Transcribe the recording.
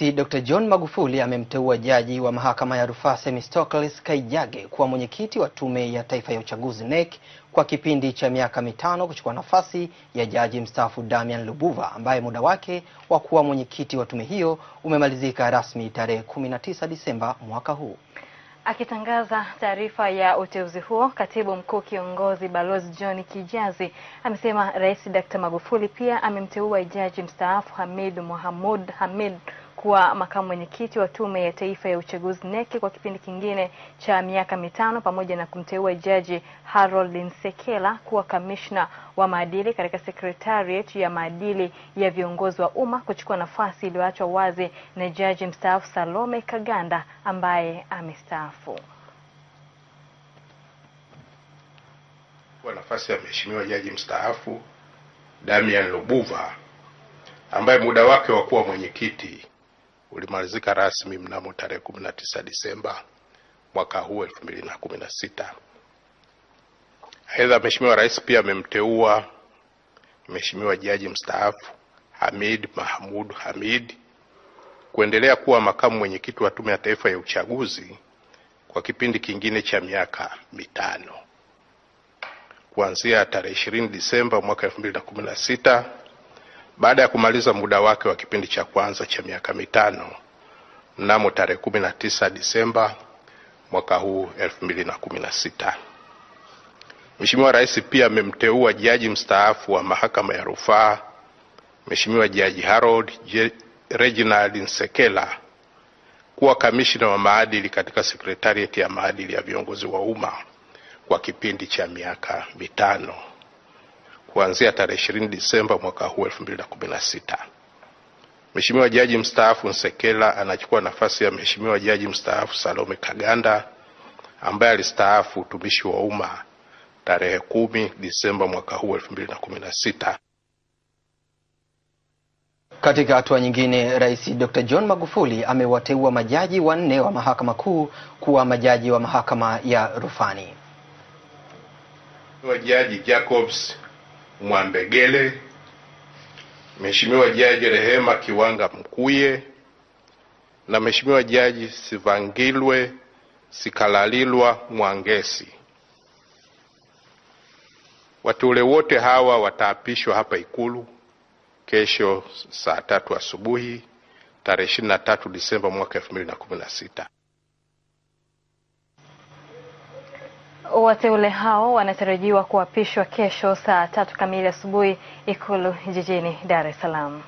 Rais Dr. John Magufuli amemteua jaji wa mahakama ya rufaa Semistocles Kaijage kuwa mwenyekiti wa Tume ya Taifa ya Uchaguzi NEC kwa kipindi cha miaka mitano kuchukua nafasi ya jaji mstaafu Damian Lubuva ambaye muda wake wa kuwa mwenyekiti wa tume hiyo umemalizika rasmi tarehe 19 Disemba mwaka huu. Akitangaza taarifa ya uteuzi huo, katibu mkuu kiongozi Balozi John Kijazi amesema Rais Dr. Magufuli pia amemteua jaji mstaafu Hamid Mohamud Hamid kuwa makamu mwenyekiti wa Tume ya Taifa ya Uchaguzi NEC e kwa kipindi kingine cha miaka mitano pamoja na kumteua Jaji Harold Nsekela kuwa kamishna wa maadili katika sekretariat ya maadili ya viongozi wa umma kuchukua nafasi iliyoachwa wazi na Jaji mstaafu Salome Kaganda ambaye amestaafu. Kwa nafasi ya Mheshimiwa Jaji mstaafu Damian Lubuva ambaye muda wake wa kuwa mwenyekiti ulimalizika rasmi mnamo tarehe 19 Disemba mwaka huu 2016. Aidha, Mheshimiwa Rais pia amemteua Mheshimiwa Jaji mstaafu Hamid Mahmud Hamid kuendelea kuwa makamu mwenyekiti wa Tume ya Taifa ya Uchaguzi kwa kipindi kingine cha miaka mitano kuanzia tarehe 20 Disemba mwaka baada ya kumaliza muda wake wa kipindi cha kwanza cha miaka mitano mnamo tarehe 19 Disemba mwaka huu 2016. Mheshimiwa Rais pia amemteua jaji mstaafu wa mahakama ya rufaa Mheshimiwa Jaji Harold Reginald Nsekela kuwa kamishina wa maadili katika sekretarieti ya maadili ya viongozi wa umma kwa kipindi cha miaka mitano kuanzia tarehe 20 Disemba mwaka huu 2016. Mheshimiwa Jaji mstaafu Nsekela anachukua nafasi ya Mheshimiwa Jaji mstaafu Salome Kaganda ambaye alistaafu utumishi wa umma tarehe kumi Disemba mwaka huu 2016. Katika hatua nyingine, Rais Dr. John Magufuli amewateua majaji wanne wa Mahakama Kuu kuwa majaji wa mahakama ya rufani. Jaji Jacobs Mwambegele, Mheshimiwa Jaji Rehema Kiwanga Mkuye na Mheshimiwa Jaji Sivangilwe Sikalalilwa Mwangesi. Wateule wote hawa wataapishwa hapa Ikulu kesho saa tatu asubuhi tarehe 23 Disemba mwaka 2016. Wateule hao wanatarajiwa kuapishwa kesho saa tatu kamili asubuhi Ikulu jijini Dar es Salaam.